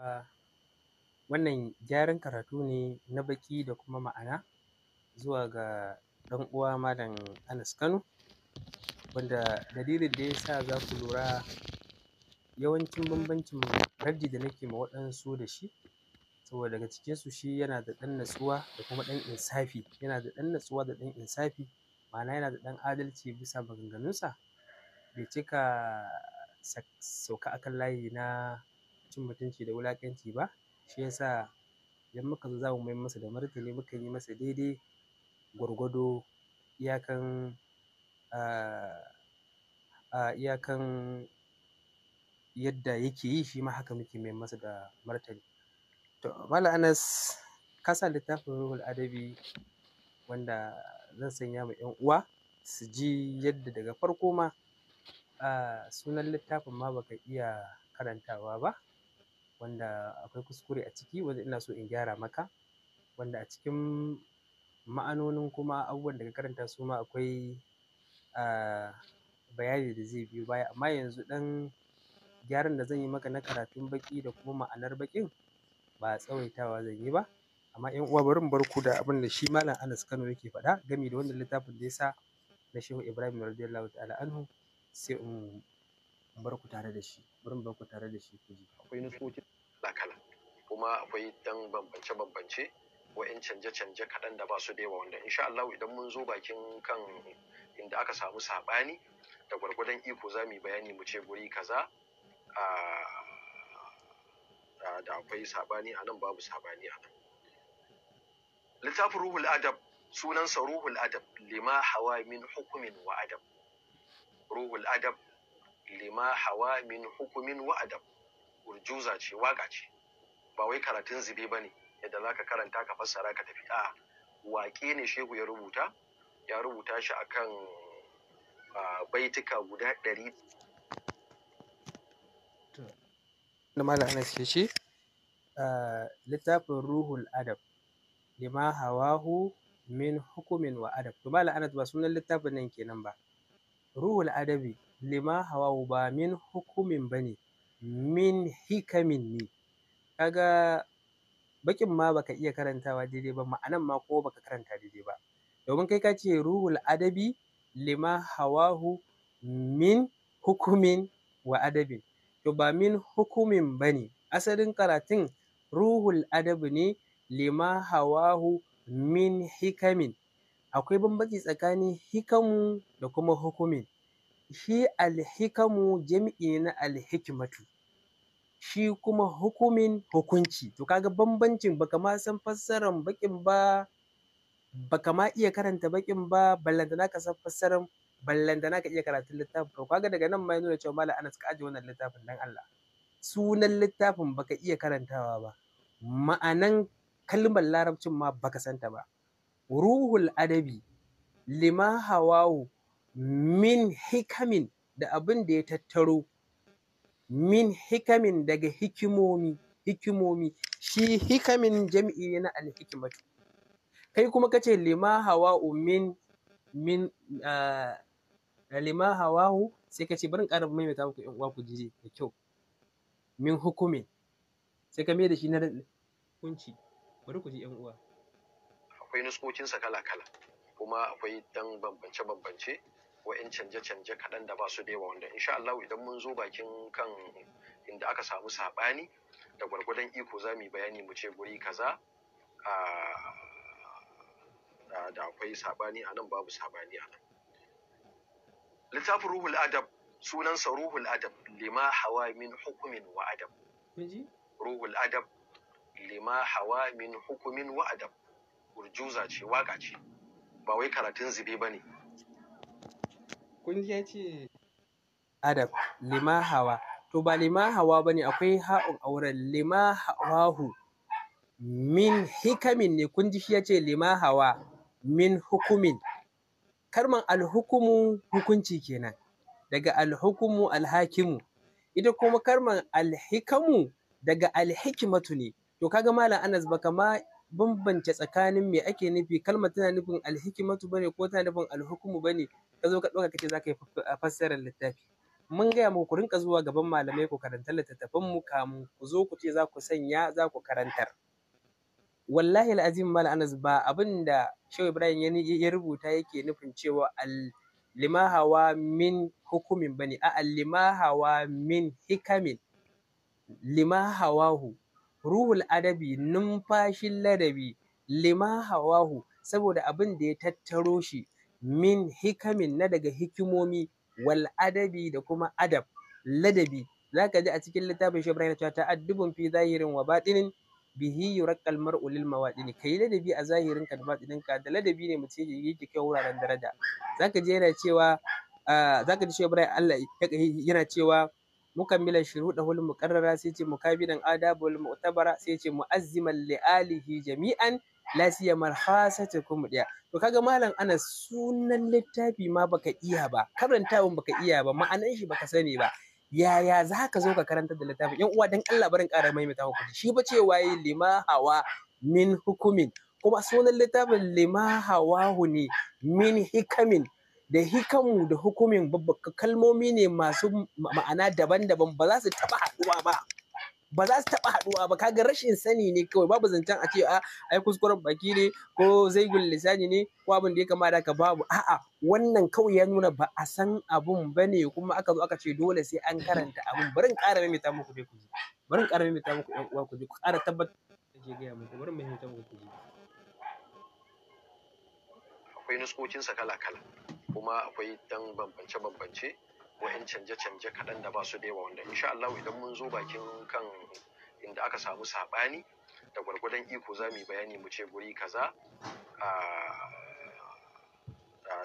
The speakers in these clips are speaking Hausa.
cewa wannan gyaran karatu ne na baƙi da kuma ma'ana zuwa ga ɗan uwa Malam Anas Kano wanda dalilin da ya sa za ku lura yawancin bambancin raddi da nake ma waɗansu da shi saboda daga cikinsu shi yana da ɗan natsuwa da kuma ɗan insafi yana da ɗan natsuwa da ɗan insafi ma'ana yana da ɗan adalci bisa maganganunsa bai cika sauka akan layi na cin mutunci da wulaƙanci ba shi yasa idan muka zo za mu mai masa da martani mukan yi masa daidai gwargwado iyakan ah, ah, iyakan yadda yake yi shi ma haka muke mai masa da martani to mala anas ka sa littafin ruhul adabi wanda zan sanya ma yan uwa su ji yadda daga farko ma ah, sunan littafin ma baka iya karantawa ba wanda akwai kuskure a ciki wanda ina so in gyara maka wanda a cikin ma'anonin kuma abubuwan da ka karanta su ma akwai bayani da zai biyo baya amma yanzu dan gyaran da zan yi maka na karatun baƙi da kuma ma'anar baƙin ba tsawaitawa zan yi ba amma yan uwa bari mu bar ku da abin da shi malam Anas Kano yake faɗa gami da wannan littafin da ya sa na Shehu Ibrahim radiyallahu ta'ala anhu sai in bar ku tare da shi bari bar ku tare da shi ku ji akwai kala kuma akwai dan bambance bambance wa'in canje canje kaɗan da ba su da yawa wanda insha Allah idan mun zo bakin kan inda aka samu saɓani da gwargwadon iko za mu yi bayani mu ce guri kaza da akwai saɓani a nan babu saɓani a nan littafin ruhul adab sunansa ruhul adab lima hawa min hukumin wa adab ruhul adab lima hawa min hukumin wa adab urjuza ce waka ce ba wai karatun zube ba ne yadda za ka karanta ka fassara ka tafi a waƙe ne shehu ya rubuta ya rubuta shi kan baituka guda ɗari na littafin ruhul adab lima hawahu min hukumin wa adab to malam anas ba sunan littafin nan kenan ba ruhul adabi lima hawahu ba min hukumin ba ne min hikamin ne kaga baƙin ma baka iya karantawa daidai ba ma'anan ma ko baka karanta daidai ba domin kai ka ce ruhul adabi lima hawahu min hukumin wa adabin to ba min hukumin ba ne asalin karatun ruhul adabi ne lima hawahu min hikamin akwai bambanci tsakanin hikamu da kuma hukumin shi alhikamu jami'i na alhikimatu shi kuma hukumin hukunci to kaga bambancin baka ma san fassaran bakin ba baka ma iya karanta bakin ba ballanta naka san fassaran ballanta naka iya karatun littafin to kaga daga nan ma ya nuna cewa malam Anas ka aje wannan littafin dan Allah sunan littafin baka iya karantawa ba ma'anan kalmar larabcin ma baka santa ba ruhul adabi lima min hikamin da abin da ya tattaro min hikamin daga hikimomi hikimomi shi hikamin jami'i ne na alhikimatu kai kuma kace lima hawa min min uh, lima hawahu sai ka ce barin ƙara maimaita muku ƴan uwa ku jiri da kyau min hukumin sai ka mai da shi na kunci bari ku ji ƴan uwa akwai nuskokinsa kala kala kuma akwai dan bambance bambance wa'in canje-canje kaɗan da ba su da yawa wanda insha Allah idan mun zo bakin kan inda aka samu saɓani da gwargwadon iko za mu yi bayani mu ce guri kaza da akwai saɓani a nan babu saɓani a nan. Littafin Ruhul Adab sunansa Ruhul Adab lima hawa min hukumin wa adab. Ruhul Adab lima hawa min hukumin wa adab. Urjuza ce, waka ce, ba wai karatun zube ba ne. kun ji ya ce adab lima hawa to ba lima hawa ba ne akwai ha'un auren lima hawahu min hikamin ne kun ji shi ya ce lima hawa min hukumin karman alhukumu hukunci kenan daga alhukumu alhakimu ita kuma karman alhikamu daga alhikimatu ne to kaga malam anas baka ma bambance tsakanin me ake nufi kalmar tana nufin alhikimatu bane ko tana nufin alhukumu bane ka zo ka ɗauka kace za ka yi fassarar littafi mun gaya muku ku rinka zuwa gaban malamai ku karanta littattafan mu kamin ku zo ku ce za ku sanya za ku karantar wallahi al'azim mal anas ba abin da shehu ibrahim ya rubuta yake nufin cewa al limahawa min hukumin bane a al limahawa min hikamin limahawahu ruhul adabi numfashin ladabi lima hawahu saboda abin da ya tattaro shi min hikamin na daga hikimomi wal adabi da kuma adab ladabi zaka ji a cikin littafin shi Ibrahim ta ta'addubun fi zahirin wa batinin bihi yuraqqal mar'u lil mawadini kai ladabi a zahirin ka da batinin ka da ladabi ne mutum ya yi kyau wuraren daraja zaka ji yana cewa ah, zaka ji shi Ibrahim Allah yana cewa mukammilan shuruɗahul muqarrara sai ce adabu adabul mu'tabara sai ce mu'azziman li'alihi jami'an lafiya marhasata kuma ɗaya to kaga malam ana sunan littafi ma baka iya ba karantawan baka iya ba ma'anan shi baka sani ba yaya za ka zo ka karanta da littafin yan uwa dan Allah barin ƙara maimaita muku shi ba ce waye lima hawa min hukumin kuma sunan littafin lima hawa ne min hikamin da hikamu da hukumin babbaka kalmomi ne masu ma'ana daban-daban ba za su taɓa haɗuwa ba ba za su taɓa haɗuwa ba kaga rashin sani ne kawai babu zancen a ce a ah, ai kuskuren baki ne ko zai gul lisani ne ko abin da ya kamata ka babu a'a wannan kawai ya nuna ba a san abun ba ne kuma aka zo aka ce dole sai an karanta abun Barin ƙara ƙara ta muku ku Barin bari in ƙara maimaita muku ɗan uwa ku ku ƙara tabbatar da ke gaya muku Barin in muku ku ji akwai nuskokinsa kala-kala kuma akwai dan bambance-bambance wa'in canje-canje kaɗan da ba su da yawa wanda insha Allah idan mun zo bakin kan inda aka samu saɓani da gwargwadon iko za mu yi bayani mu ce guri kaza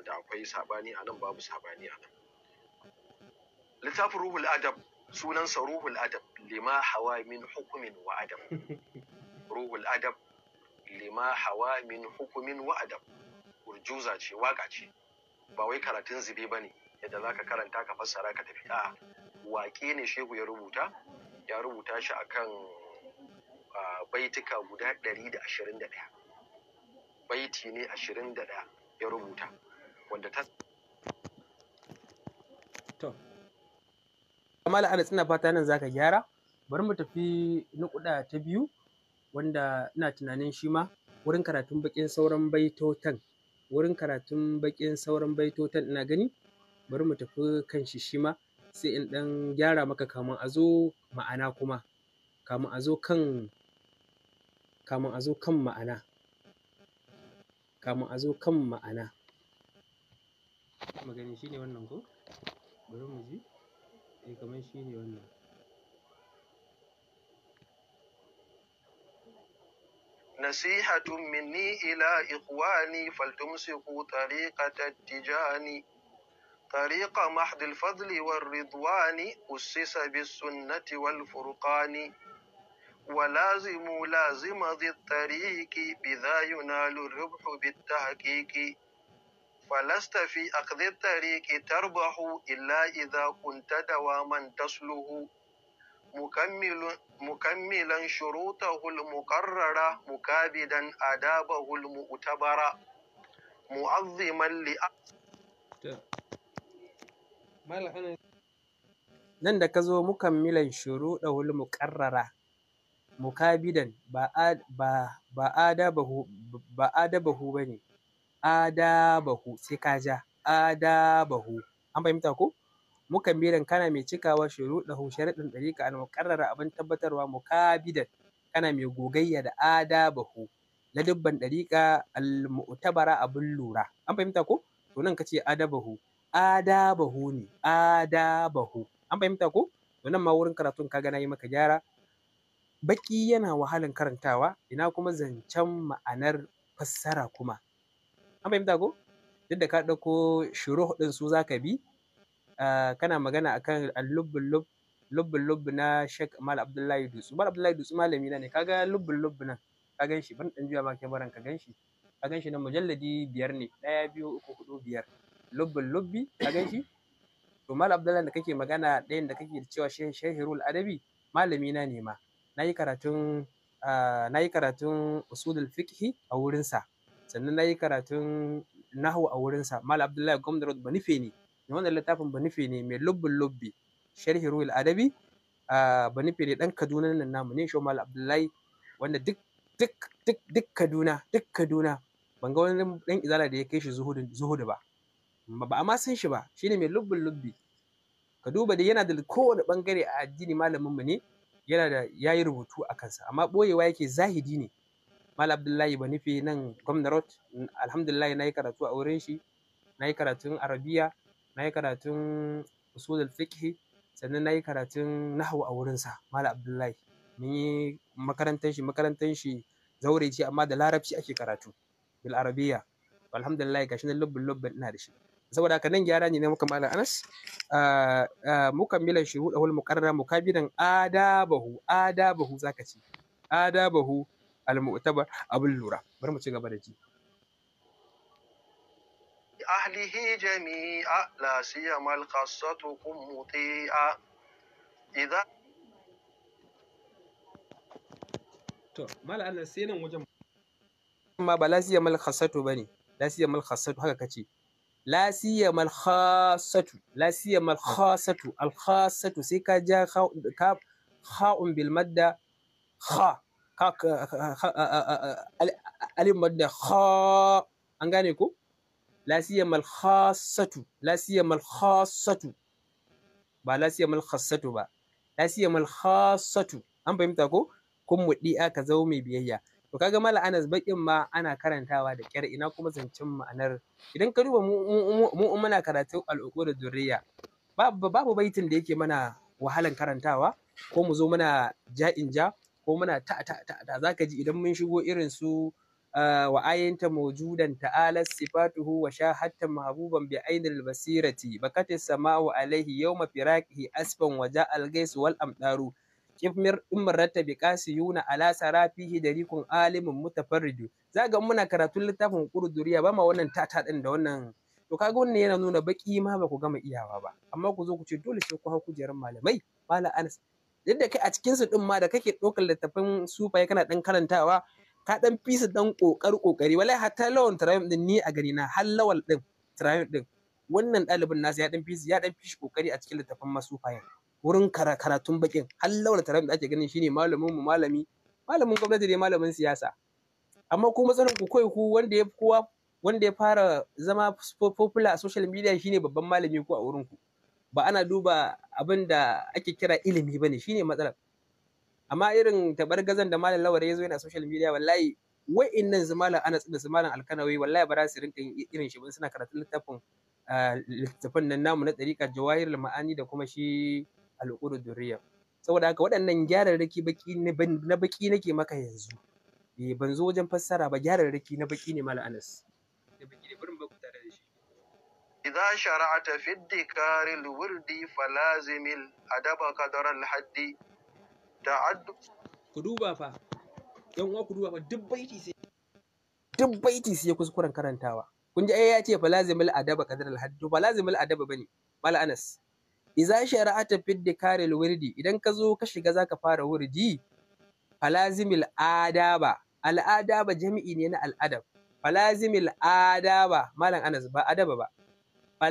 da akwai saɓani a nan babu saɓani a nan littafin ruhul adab sunansa ruhul adab lima hawa min hukumin wa adab ruhul adab lima hawa min hukumin wa adab urjuza ce waka ce ba wai karatun zube ba ne yadda za ka karanta ka fassara ka tafi a waƙe ne shehu ya rubuta ya rubuta shi akan baituka guda ɗari da ashirin da ɗaya baiti ne ashirin da ɗaya ya rubuta wanda ta to kamala fata nan zaka gyara bari mu tafi nukuda ta biyu wanda ina tunanin shi ma wurin karatun bakin sauran baitotan wurin karatun bakin sauran baitotan ina gani bari mu tafi kan shi shi ma sai in ɗan gyara maka kamun a zo ma'ana kuma kamun a zo kan kamun a zo kan ma'ana kamun a zo kan ma'ana magani shi ne wannan ko bari mu ji eh kamar shi ne wannan نصيحة مني إلى إخواني فلتمسكوا طريقة التجاني طريق محض الفضل والرضوان أسس بالسنة والفرقان ولازموا لازم ذي الطريق بذا ينال الربح بالتحقيق فلست في أخذ الطريق تربح إلا إذا كنت دواما تسله mukammilan shurutahul muqarrara mukabidan adabahul mu'tabara mu'azziman li nan da ka zo mukammilan shuruɗahul muƙarrara mukabidan ba adabahu ba ne adabahu sai ka ja hu, an fahimta ko Mukan mukammilan kana mai cikawa shuruɗahu sharuɗin ɗariƙa al muƙarrara abin tabbatarwa mukabidan kana mai gogayya da adabahu dubban ɗariƙa al-mu'tabara abin lura an fahimta ko to nan kace adabahu adabahu ne adabahu an fahimta ko to nan ma wurin karatun kaga nayi maka gyara baki yana wahalan karantawa ina kuma zancen ma'anar fassara kuma an fahimta ko duk da ka ɗauko shuruh ɗin su zaka bi Ah, kana magana akan allubbul lub na Sheikh Mal Abdullahi Dutsu Mal Abdullahi Dutsu malami na ne kaga lubbul lub nan ka gan shi ban dan juya ba baran ka gan shi ka gan shi na mujalladi biyar ne ɗaya biyu uku hudu biyar lubbul lubbi ka gan shi to Mal Abdullahi da kake magana ɗayan da kake da cewa Shehirul Adabi malami na ne ma yi karatun ah, yi karatun usulul fiqhi a wurinsa sannan na yi karatun nahu a wurinsa Mal Abdullahi Gomdarot Banife ne wannan littafin ba nufi ne mai lubbin lubbi sharhi ruhul adabi ba nufi ne dan kaduna nan namu ne shomal abdullahi wanda duk duk duk duk kaduna duk kaduna ban ga wani dan izala da ya kai shi zuhudu ba ba amma san shi ba shine mai lubbin lubbi ka duba dai yana da kowane bangare a addini malamin mu ne yana da yayi rubutu a kansa amma boyewa yake zahidi ne mal abdullahi ba nufi nan gwamna rot alhamdulillah na yi karatu a wurin shi na yi karatun arabiya na yi karatun usulul fiqhi sannan na yi karatun nahu a wurinsa malam abdullahi mun yi makarantar shi makarantar shi zaure ce amma da larabci ake karatu bil arabiya alhamdulillah gashi nan lubbin lubbin ina da shi saboda haka nan gyara ne na muka malam Anas ah, ah, mukammila shuruɗahul muqarrar mukabiran adabahu adabahu zaka ce adabahu al-mu'tabar abul lura bari mu ci gaba da ji أهله جميعا لا سيما القصتكم مطيعا إذا to mala Allah sai nan wajen amma ba la siya mal khassatu bane la siya mal khassatu haka kace la siya mal khassatu la siya mal khassatu al khassatu sai ka ja ka kha'un bil madda kha ka alif madda kha an gane ku. la siyamal khassatu la ba la siyamal khassatu ba la siyamal khassatu an fahimta ko kun mudi aka zau mai biyayya to kaga mala anas bakin ma ana karantawa da kyar ina kuma zancen ma'anar idan ka duba mu muna karatun al'uqu da zurriya babu baitin da yake mana wahalan karantawa ko mu zo muna ja'in ja ko muna ta ta ta zaka ji idan mun shigo irin su wa ayinta mawjudan ta'ala sifatuhu wa shahatta mahbuban bi ainil basirati bakatis sama'u alaihi yawma firaqihi asfan wa ja'al gaisu wal amdaru kimir imrata bi qasiyuna ala sarafihi darikun alimun mutafarridu zaga muna karatun littafin qurduriya ba ma wannan tata din da wannan to kaga wannan yana nuna baki ma ba ku gama iyawa ba amma ku zo ku ce dole sai ku hau kujerar malamai mala anas duk da kai a cikin su din ma da kake ɗaukar littafin sufa kana ɗan karantawa ta dan fisa su dan kokar kokari wallahi hatta lawan triumph din ni a gari na har lawal din triumph din wannan dalibin nasa ya dan fi ya dan fi shi kokari a cikin littafin masufayan wurin karatun bakin har lawal triumph da ake ganin shine malamin mu malami malamin gwamnati ne malamin siyasa amma ku matsalar ku kai ku wanda ya kowa wanda ya fara zama popular a social media shine babban malami ko a wurin ku ba ana duba abinda ake kira ilimi bane shine matsalar amma irin gazan da malam lawar ya zo yana social media wallahi wa'innan su malam anas da su malam alkanawi wallahi ba za su rinka irin shi ba suna karatun littafin ah, littafin nan namu na ɗariƙar jawahir ma'ani da kuma shi al'ukudu durriya saboda haka waɗannan gyararraki baki na baki nake maka yanzu eh, ban zo wajen fassara ba gyararraki na baki ne malam anas da baki ne barin baku tare da shi إذا fi dikaril wurdi falazimil adaba qadara al haddi. ta'addu ku duba fa yan uwa ku duba fa duk baiti sai duk baiti sai kuskuren karantawa kun ji ai ya ce fa lazimul adaba qadar al hadd fa al adaba bane mal anas idza shara'ata fid dikaril wirdi idan ka zo ka shiga zaka fara wurdi fa lazimul adaba al adaba jami'i ne na al adab fa lazimul adaba malam anas ba adaba ba fa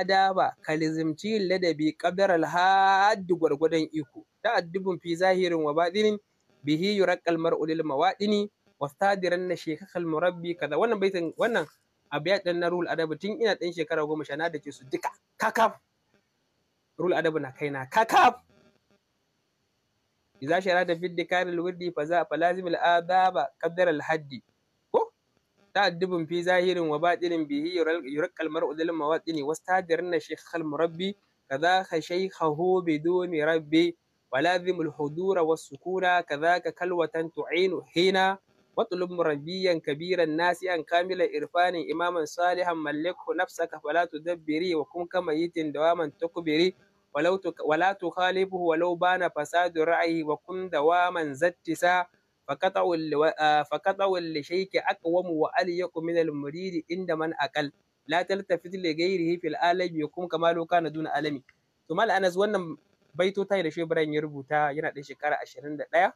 adaba kalizimci ladabi qadar al hadd gwargwadon iko ta'addubun fi zahirin wa batinin bihi yuraqqal mar'u lil mawadini wastadiran na shekakal murabbi kaza wannan baitin wannan abu ya dan na rule adabu tun ina dan shekara goma sha na dake su duka kakaf rule adabu na kaina kakaf idza shara da dikar al wirdi fa za fa lazim al adaba qadar al haddi ko ta'addubun fi zahirin wa batinin bihi yuraqqal mar'u lil mawadini wastadiran na shekakal murabbi kaza khashaykahu biduni rabbi ولازم الحضور والسكون كذاك كلوة تعين حين واطلب مربيا كبيرا ناسيا كاملا إرفان إماما صالحا ملكه نفسك فلا تدبري وكن كميت دواما تكبري ولو تك ولا تخالفه ولو بان فساد رأيه وكن دواما زتسا فقطع فقطعوا لشيك أقوم وأليق من المريد عند من أقل لا تلتفت لغيره في العالم يكون كما لو كان دون عالمي ثم انا wannan baito ta da Shehu ya rubuta yana ɗan shekara ashirin da ɗaya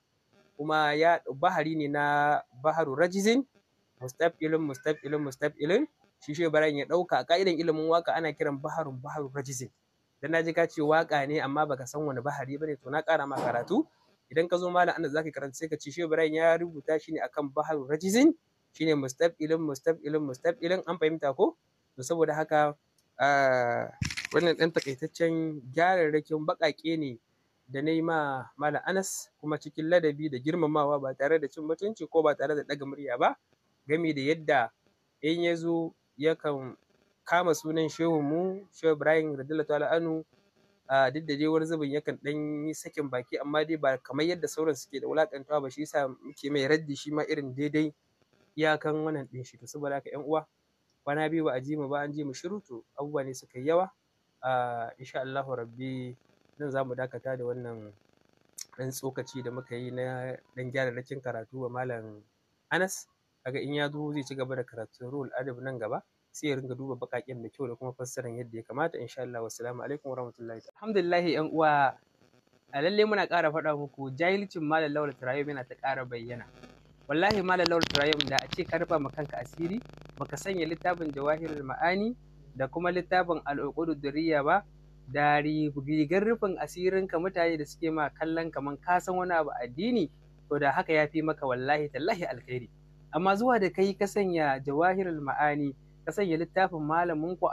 kuma ya bahari ne na baharu rajizin mustaf ilin mustaf ilin mustaf ilin shi Shehu ya ɗauka a ka'idan ilimin waka ana kiran baharun baharu rajizin dan naji ka ce waka ne amma baka san wani bahari bane to na ƙara ma karatu idan ka zo malam za zaka karanta sai ka ce ya rubuta shi ne akan baharu rajizin shine mustaf ilin mustaf ilin mustaf ilin an fahimta ko to saboda haka ah, wannan ɗan takaitaccen gyararrakin baƙaƙe ne da na yi ma Malam Anas kuma cikin ladabi da girmamawa ba tare da cin mutunci ko ba tare da ɗaga murya ba Gami da yadda in ya zo yakan kama sunan mu Shehu Ibrahim radiyallahu ta'ala anu duk da dai zubin yakan ɗan yi sakin baki amma dai ba kamar yadda sauran suke da wulaƙantawa ba shi yasa muke mai raddi shi ma irin daidai iyakan wannan ɗin shi to saboda haka 'yan uwa kwana biyu ba a ji mu ba an ji mu shiru to abubuwa ne suka yi yawa insha Allahu rabbi nan za mu dakata da wannan ɗan tsokaci da muka yi na ɗan gyara gyararrakin karatu wa malam Anas kaga in ya zo zai ci gaba da karatun ruhul adab nan gaba sai ya ringa duba bakaƙen da kyau da kuma fassarar yadda ya kamata insha Allah wassalamu alaikum rahmatullahi alhamdulillah yan uwa a lalle muna ƙara faɗa muku jahilcin malam Lawal Turayyum yana ta ƙara bayyana wallahi malam Lawal Turayyum da a ce ka rufa ma kanka asiri baka sanya littafin jawahirul ma'ani da kuma littafin duriya ba da rigar rufin asirin ka mutane da suke ma kallon kaman ka san wani abu addini to da haka ya fi maka wallahi tallahi alkhairi amma zuwa da kai ka sanya jawahirul ma'ani ka sanya littafin malamin ku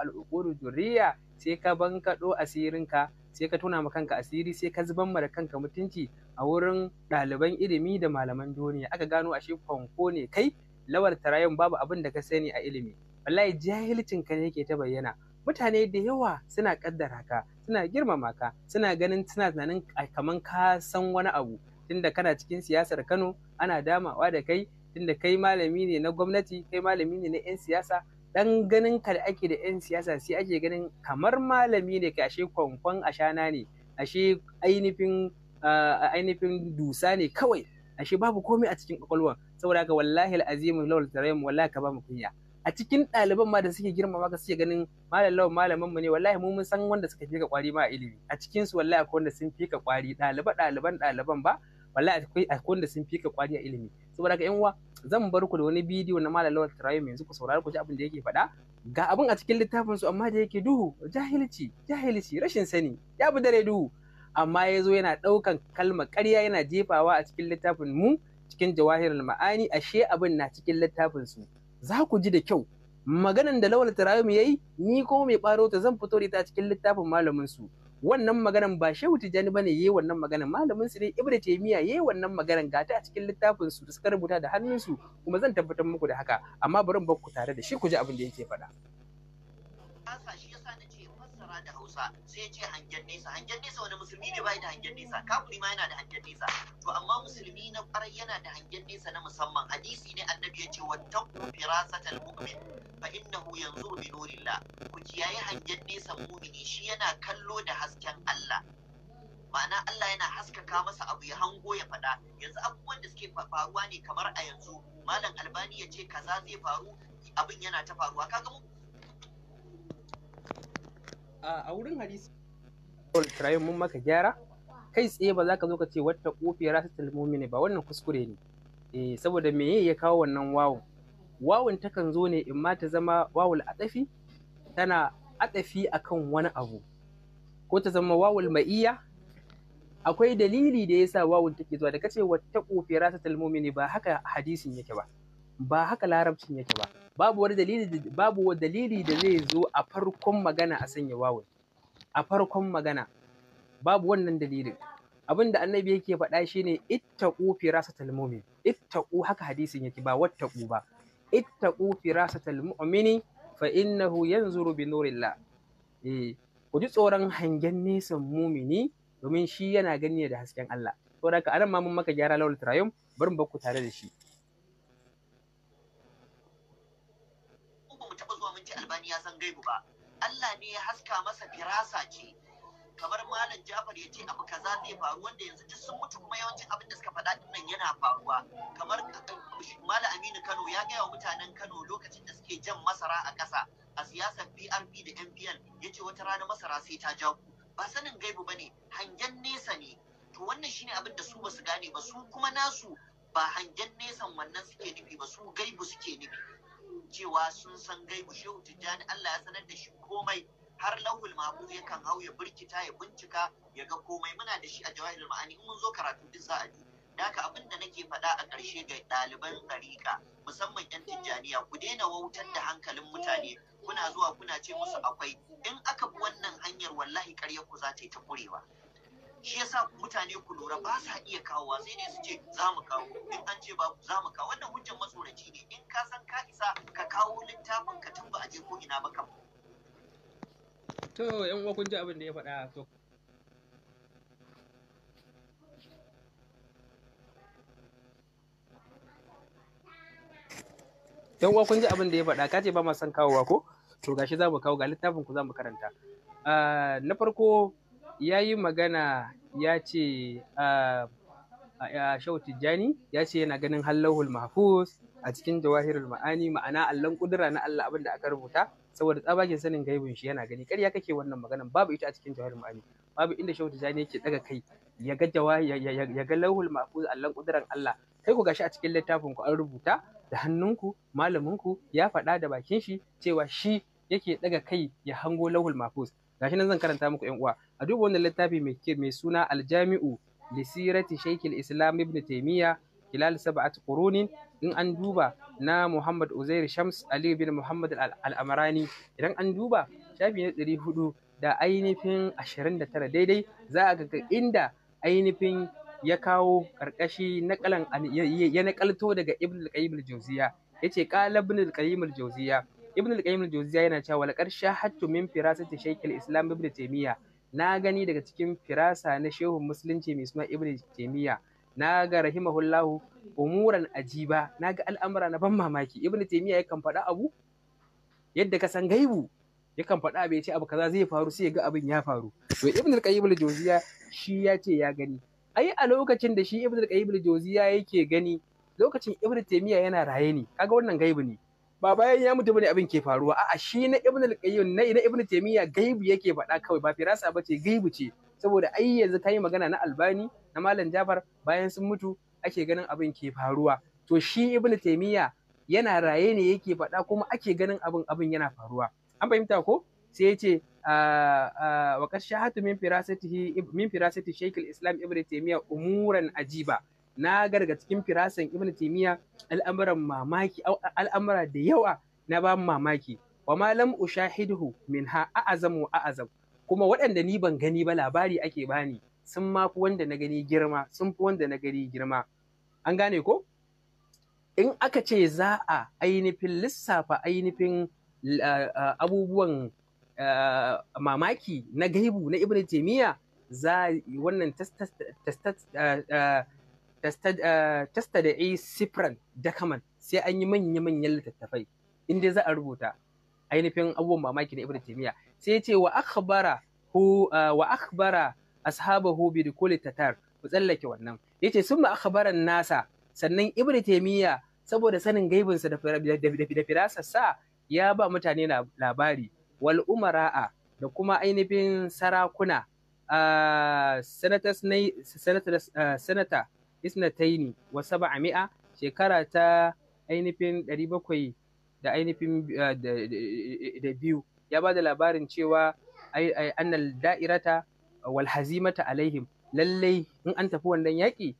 duriya sai ka bankaɗo asirin ka sai ka tuna ma kanka asiri sai ka zuban ma da kanka mutunci a wurin ɗaliban ilimi da malaman duniya aka gano ashe kwanko ne kai lawar tarayin babu abin da ka sani a ilimi wallahi jahilcin ka ne yake ta bayyana mutane da yawa suna kaddara ka suna girmama ka suna ganin suna tunanin kaman ka san wani abu tunda kana cikin siyasar Kano ana damawa da kai tunda kai malami ne na gwamnati kai malami ne na 'yan siyasa dan ganin ka da ake da 'yan siyasa sai ake ganin kamar malami ne ka ashe kwankwan ashana ne ashe ainihin ah, ainihin dusa ne kawai ashe babu komai a cikin kwakwalwa saboda ga wallahi al'azim, lawal tarayyum wallahi ka ba mu kunya a cikin ɗaliban ma da suke girma, ma suke ganin malam lawan malaman mu ne wallahi mu mun san wanda suka fika kwari ma a ilimi a cikin su wallahi akwai wanda sun fika kwari ɗaliba ɗaliban ɗaliban ba wallahi akwai akwai wanda sun fika kwari a ilimi saboda haka yan uwa zan bar ku da wani bidiyo na malam lawan yanzu ku saurari ku ji abin da yake faɗa ga abin a cikin littafin su amma da yake duhu jahilci jahilci rashin sani ya bi dare duhu amma ya zo yana ɗaukan kalma ƙarya yana jefawa a cikin littafin mu cikin jawahirul ma'ani ashe abin na cikin littafin su za ku ji da kyau maganan da lawal tarayyum yayi ni kuma mai ɓaro ta zan fito da ta cikin littafin malamin su wannan maganan ba shehu tijani bane yayi wannan maganan malamin su ne ibnu taymiya yayi wannan maganan gata a cikin littafin su da suka rubuta da hannun su kuma zan tabbatar muku da haka amma bari ba ku tare da shi ku ji abin da yake faɗa. nesa sai ya ce hangen nesa hangen nesa wani musulmi ne bai da hangen nesa kafiri ma yana da hangen nesa to amma musulmi na kwarai yana da hangen nesa na musamman hadisi ne annabi ya ce wattaqu firasatal mu'min fa innahu yanzuru bi nurillah ku kiyaye hangen nesa mu'mini shi yana kallo da hasken Allah ma'ana Allah yana haskaka masa abu ya hango ya faɗa yanzu abubuwan da suke faruwa ne kamar a yanzu malam albani ya ce kaza zai faru abin yana ta faruwa kaga mu a wurin hadisi Ibrahim mun maka gyara kai tsaye ba za ka zo ka ce wata kofiyar talmomi ne ba wannan kuskure ne eh saboda me ya kawo wannan wawun ta kan zo ne in ma ta zama wawul atafi tana atafi akan wani abu ko ta zama wawul ma'iya akwai dalili da yasa wawun take zuwa da kace wata kofiyar talmomi mu'mini ba haka hadisin yake ba ba haka larabcin yake ba babu wani dalili babu wani dalili da zai zo a farkon magana a sanya wawu a farkon magana babu wannan dalilin abin da annabi yake faɗa shine ittaqu firasatal mu'min ittaqu haka hadisin yake ba wattaqu ba ittaqu firasatal mu'mini fa innahu yanzuru bi nurillah eh ku ji tsoron hangen nesan mumini domin shi yana gani da hasken Allah saboda haka anan ma mun maka gyara lawal tarayum bari mu bakku tare da shi ba Allah ne ya haska masa firasa ce kamar malam Jafar ya ce abu kaza zai faru wanda yanzu duk sun mutu kuma yawancin abin da suka faɗa din nan yana faruwa kamar eh, malam Aminu Kano ya gaya wa mutanen Kano lokacin da suke jan masara a ƙasa a siyasar PRP da MPN ya ce wata rana masara sai ta jaku ba sanin gaibu bane hangen nesa ne to wannan shine abin da su ba su gane ba su kuma nasu ba hangen nesan wannan suke nufi ba su gaibu suke nufi cewa sun san gaibu shehu tijjani Allah ya sanar da shi komai har lauhul ya yakan hau ya birkita ya bincika ya ga komai muna da shi a jawahirul ma'ani in mun zo karatu duk za a ji Daka abin da nake faɗa a ƙarshe ga ɗaliban ɗariƙa musamman 'yan tijjaniya ku daina wautar da hankalin mutane kuna zuwa kuna ce musu akwai in aka bi wannan hanyar wallahi ƙaryar ku za ta yi ta ƙurewa. shi yasa mutane ku lura ba sa iya kawowa sai dai su ce za mu kawo in an ce babu za mu kawo wannan hujjar matsoraci ne in ka san ka isa ka kawo littafin ka tun ba a je ko ina ba kam to yan uwa kun ji abin da ya faɗa to yan uwa kun ji abin da ya faɗa kace ba ma san kawowa ko to gashi za mu kawo ga littafin ku za mu karanta ah, na farko ya yi magana ya ce a shau ya ce yana ganin hallahul mahfuz a cikin jawahirul ma'ani ma'ana allon kudura na Allah abinda aka rubuta saboda tsabakin sanin gaibin shi yana gani ƙarya kake wannan maganan babu ita a cikin jawahirul ma'ani babu inda shau tijjani yake daga kai ya ga ya ga lauhul mahfuz allon kuduran Allah kai ku gashi a cikin littafin ku an rubuta da hannunku malaminku ya faɗa da bakin shi cewa shi yake daga kai ya hango lauhul mahfuz gashi nan zan karanta muku yan uwa a duba wannan littafi mai suna aljami'u lisirati shaikil islam ibn taimiyya kilal sab'at qurunin in an duba na muhammad uzair shams ali bin muhammad al-amrani idan an duba shafi na ɗari hudu da ainihin ashirin da tara daidai za a ga inda ainihin ya kawo karkashi nakalan ya nakalto daga ibn al-qayyim al-jawziya yace qala ibn al-qayyim al-jawziya ibn al-qayyim al-jawziya yana cewa laqad shahadtu min firasati shaykh al-islam ibn taymiyah na gani daga cikin firasa na shehun musulunci mai suna ibn taimiyya na ga rahimahullahu umuran ajiba na ga al'amura na ban mamaki ibn taimiyya yakan faɗa abu yadda ka san gaibu yakan faɗa abu ya ce abu kaza zai faru sai ya ga abin ya faru to ibn al-qayyim al-jawziya shi ya ce ya gani ai a lokacin da shi ibn al-qayyim al-jawziya yake gani lokacin ibn taimiyya yana raye ne kaga wannan gaibu ne ba bayan ya mutu bane abin ke faruwa a'a shi na ibn al-qayyim na ina ibn taymiya gaibu yake faɗa kawai ba firasa bace gaibu ce saboda ai yanzu kai magana na albani na malam jafar bayan sun mutu ake ganin abin ke faruwa to shi ibn taymiya yana raye ne yake faɗa kuma ake ganin abin abin yana faruwa an fahimta ko sai ya ce wa qad shahatu min firasatihi min firasati shaykh al-islam ibn taymiya umuran ajiba na ga daga cikin firasan ibn timiya al'amuran mamaki al'amura da yawa na ba mamaki wa ma lam ushahiduhu minha a'azam wa a'azam kuma waɗanda ni ban gani ba labari ake bani sun ma fi wanda na gani girma sun fi wanda na gani girma an gane ko in aka ce za a ainihin lissafa ainihin abubuwan mamaki na gaibu na ibn taimiyya za wannan Eh, tasta da yi sifran dakaman sai an yi manya-manyan littattafai inda za a rubuta ainihin abubuwan mamaki na Ibrahim Taimiyya. sai ya ce wa akhbara hu eh, wa akhbara ashabahu bi dukuli tatar ku tsallake wannan Ya yace ma akhbaran nasa sannan Ibrahim Taimiyya saboda sanin gaibinsa da firasarsa ya ba mutane labari wal umara'a da kuma ainihin sarakuna eh, sanata isnataini wa saba'a mi'a shekara ta ainihin ɗari bakwai da ainihin eh, da biyu ya ba da labarin cewa annal da'irata wal hazimata alaihim lallai in an tafi wannan yaƙi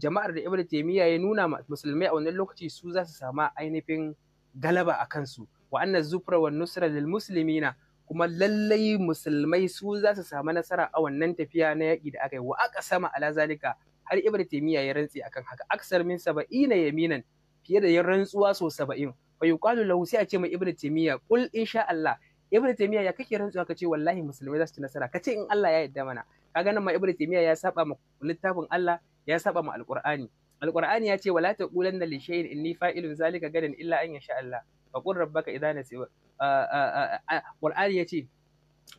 jama'ar da ibn ya nuna musulmai a wannan lokaci su za su sama ainihin galaba a kansu wa anna zufra wa nusra lil muslimina kuma lallai musulmai su za su samu nasara a wannan tafiya na yaƙi da aka yi wa aka sama ala zalika har ibn taymiya ya rantse akan haka aksar min saba'ina yaminan fiye da yin rantsuwa so saba'in fa yuqalu lahu sai a ce mai ibn taymiya qul insha Allah ibn taymiya ya kake rantsuwa ka ce wallahi musulmai za su ci nasara ka ce in Allah ya yarda mana kaga nan ma ibn taymiya ya saba ma littafin Allah ya saba ma alqur'ani alqur'ani ya ce wala taqulanna li shay'in inni fa'ilun zalika gadan illa an yasha Allah fa qur rabbaka idza nasiba qur'ani ya ce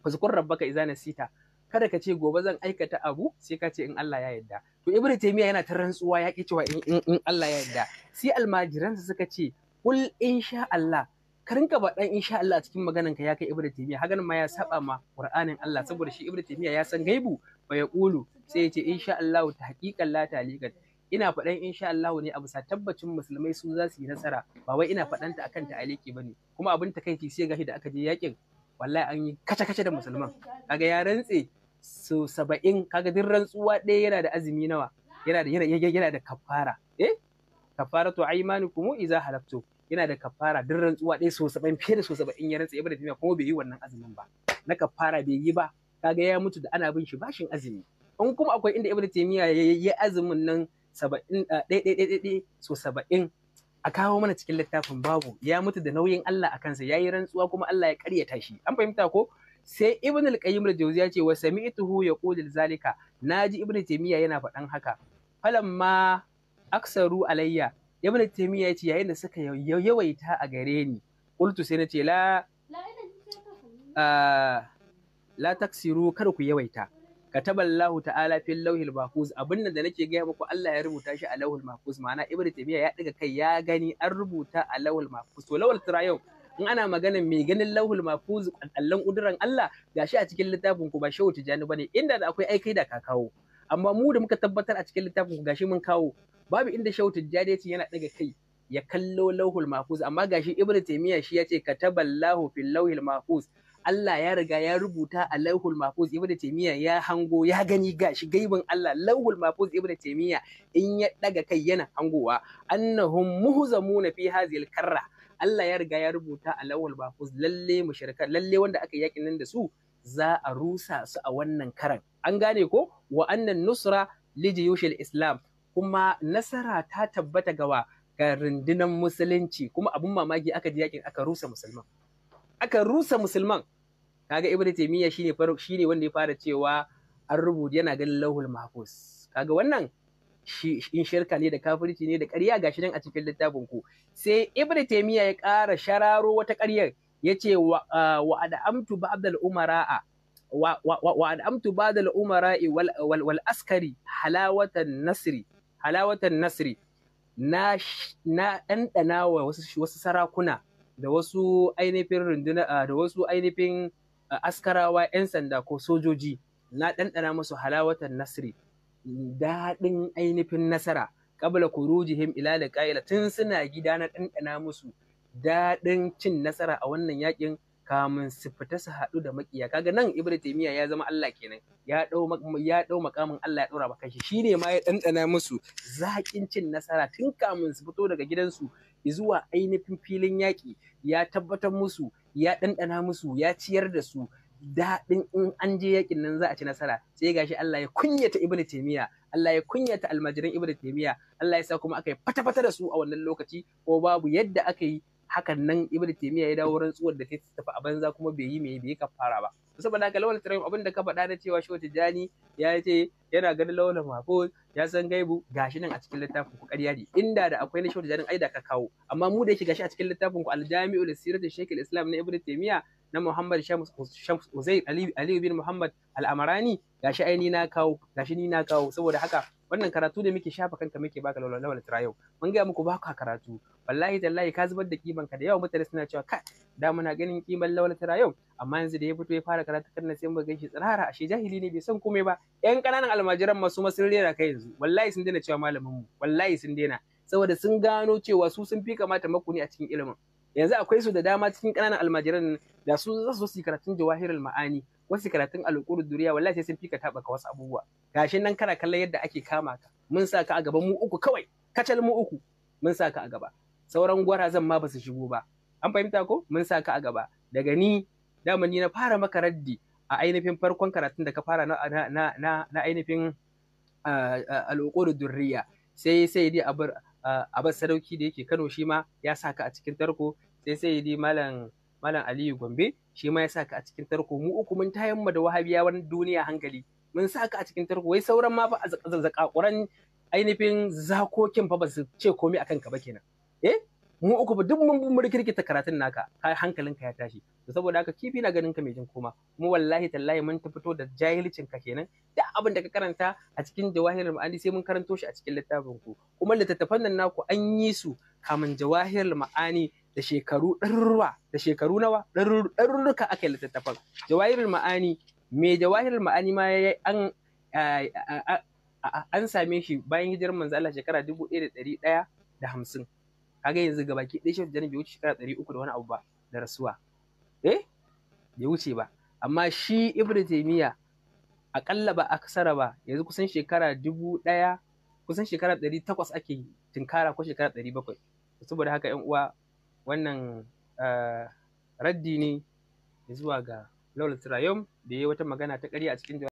fa qur rabbaka idza nasita kada ka ce gobe zan aikata abu sai ka ce in Allah ya yarda to ibnu taymiya yana ta rantsuwa ya cewa in in Allah ya yarda sai almajiransa suka ce kul insha Allah ka rinka baɗan insha Allah cikin maganan ka ya kai ibnu taymiya hakan ma ya saba ma qur'anin Allah saboda shi ibnu taymiya ya san gaibu ya kulu sai ya ce insha Allah ta haqiqan la taliqat ina faɗan insha Allah ne a bisa tabbacin musulmai su za su yi nasara ba wai ina faɗan ta akan ta aliki bane kuma abin takaici sai shi da aka je yakin wallahi an yi kace-kace da musulman kaga ya rantse so saba'in kaga duk rantsuwa ɗaya yana da azumi nawa yana da yana da kafara eh aimani kuma iza halaftu yana da kafara duk rantsuwa ɗaya so saba'in fiye da so saba'in ya rantsa ibada duniya kuma bai yi wannan azumin ba na kafara bai yi ba kaga ya mutu da ana bin shi bashin azumi in kuma akwai inda ibada taymiya ya yi azumin nan saba'in ɗaya so saba'in a kawo mana cikin littafin babu ya mutu da nauyin Allah a kansa ya yi rantsuwa kuma Allah ya karyata shi an fahimta ko sai ibn al-qayyim al-jawzi ya ce wa sami'tuhu yaqulu zalika naji ibn taymiya yana faɗan haka falamma aksaru alayya ibn taymiya ya ce yayin da suka yawaita a gare ni qultu sai na ce la la ah, taksiru kar ku yawaita kataballahu ta'ala fil lawhil mahfuz abin da nake gaya muku Allah ya rubuta shi a lawhil mahfuz ma'ana Ibn taymiya ya diga kai ya gani an rubuta a lawhil mahfuz to lawal tirayau in ana magana mai ganin lauhul mafuz allan kuduran Allah gashi a cikin littafin ku ba shehu tijani ne. inda da akwai aikai da ka kawo amma mu da muka tabbatar a cikin littafin ku gashi mun kawo babu inda shehu tijani yace yana daga kai ya kallo lauhul mafuz amma gashi ibnu taymiya shi yace kataballahu fil lauhil mafuz Allah ya riga ya rubuta a lauhul mafuz ibnu taymiya ya hango ya gani gashi gaibin Allah lauhul mafuz ibnu taymiya in ya daga kai yana hangowa annahum muhzamuna fi hadhihi karra Allah ya riga ya rubuta a lawal bafus lalle mushrikan lalle wanda aka yakin nan da su za a rusa su a wannan karan an gane ko wa annan nusra li jiyushil islam kuma nasara ta tabbata gawa ga rundunar musulunci kuma abun mamaki aka ji yakin aka rusa musulman aka rusa musulman kaga ibnu taymiya shine shine wanda ya fara cewa an rubuta yana ganin lauhul mahfuz kaga wannan in shirka ne da kafirci ne da ƙarya gashi nan a cikin littafin ku sai ibn taymiya ya ƙara shararo wata ƙaryar yace wa wa amtu ba'dal umara'a wa wa adamtu ba'dal umara'i wal askari halawatan nasri halawatan nasri na ɗanɗana wa wasu sarakuna da wasu ainihin runduna da wasu ainihin askarawa 'yan sanda ko sojoji na ɗanɗana musu halawatan nasri daɗin ainihin nasara qabla him ila liqa'ila tun suna gida na ɗanɗana musu daɗin cin nasara a wannan yakin kamun su fita su haɗu da makiya kaga nan ibnu taymiya ya zama Allah kenan ya ɗau ya makamin Allah ya ɗora maka shi shine ma ya ɗanɗana musu zaƙin cin nasara tun kamun su fito daga gidansu zuwa ainihin filin yaƙi ya tabbatar musu ya ɗanɗana musu ya ciyar da su daɗin in an je yakin nan za a ci nasara sai ga shi Allah ya kunyata Ibn Taymiya Allah ya kunyata almajiran Ibn Taymiya Allah ya sa kuma aka yi fata-fata da su a wannan lokaci ko babu yadda aka yi hakan nan Ibn Taymiya ya dawo tsuwar da ta tafi a banza kuma bai yi mai bai fara ba saboda haka lawal tarim abinda ka faɗa na cewa Shehu jani ya ce yana ganin lawal mafuz ya san gaibu gashi nan a cikin littafin ku ƙarya inda da akwai na Shehu jani ai da ka kawo amma mu da yake gashi a cikin littafin ku Al-Jami'u shaykhul Islam na Ibn Taymiya na Muhammad Shams Uzair Ali bin Muhammad Al-Amarani gashi ai ni na kawo gashi ni na kawo saboda haka wannan karatu da muke shafa kanka muke baka lawala tira yau mun ga muku baka karatu wallahi tallahi ka zubar da kiman ka da yawa mutane suna cewa ka da muna ganin kiman lawal tira yau amma yanzu da ya fito ya fara karatu kan sai mun ganshi tsirara ashe jahili ne bai san komai ba yan kananan almajiran masu sun rera kai yanzu wallahi sun daina cewa malamin mu wallahi sun daina saboda sun gano cewa su sun fi kamata makuni a cikin ilimin yanzu akwai su da dama cikin ƙananan almajiran da su za su yi karatun jawahirul ma'ani wasu karatun alƙur duriya wallahi sai sun fika taɓa ka wasu abubuwa gashin nan kana kallon yadda ake kama ka mun sa ka a gaban mu uku kawai kacal mu uku mun sa ka a gaba sauran gwarazan ma ba su shigo ba an fahimta ko mun sa ka a gaba daga ni dama ni na fara maka raddi a ainihin farkon karatun da ka fara na na na na ainihin alƙur duriya sai sai dai abar a sadauki da yake Kano shi ma ya sa ka a cikin tarko sai sai di malam malam Aliyu Gombe shi ma ya saka a cikin tarko mu uku mun tayan mu da wani duniya hankali mun saka a cikin tarko wai sauran ma ba a zakakuran ainihin zakokin fa ba su ce komai akan ka ba kenan eh mu uku ba duk mun mun kirkita karatun naka hankalinka ya tashi to saboda haka kifi na ganin ka mai jin koma mu wallahi tallahi mun ta fito da jahilcin ka kenan duk abin da ka karanta a cikin jawahirul ma'ani sai mun karanto shi a cikin littafin ku kuma littattafan nan naku an yi su kamin jawahirul ma'ani da shekaru ɗarurruwa da shekaru nawa ɗarurruka aka yi littattafan jawahirul ma'ani mai jawahirul ma'ani ma an an same shi bayan hijirar manzo Allah shekara dubu ɗaya da ɗari ɗaya da hamsin kaga yanzu ga baki ɗaya shekara tijjani wuce shekara ɗari uku da wani abu ba da rasuwa eh bai wuce ba amma shi ibnu taymiya akalla ba aksara ba yanzu kusan shekara dubu ɗaya kusan shekara ɗari takwas ake tinkara ko shekara ɗari bakwai saboda haka yan uwa wannan eh, raddi ne zuwa ga Lawal Trayum da ya yi wata magana ta ƙarya a cikin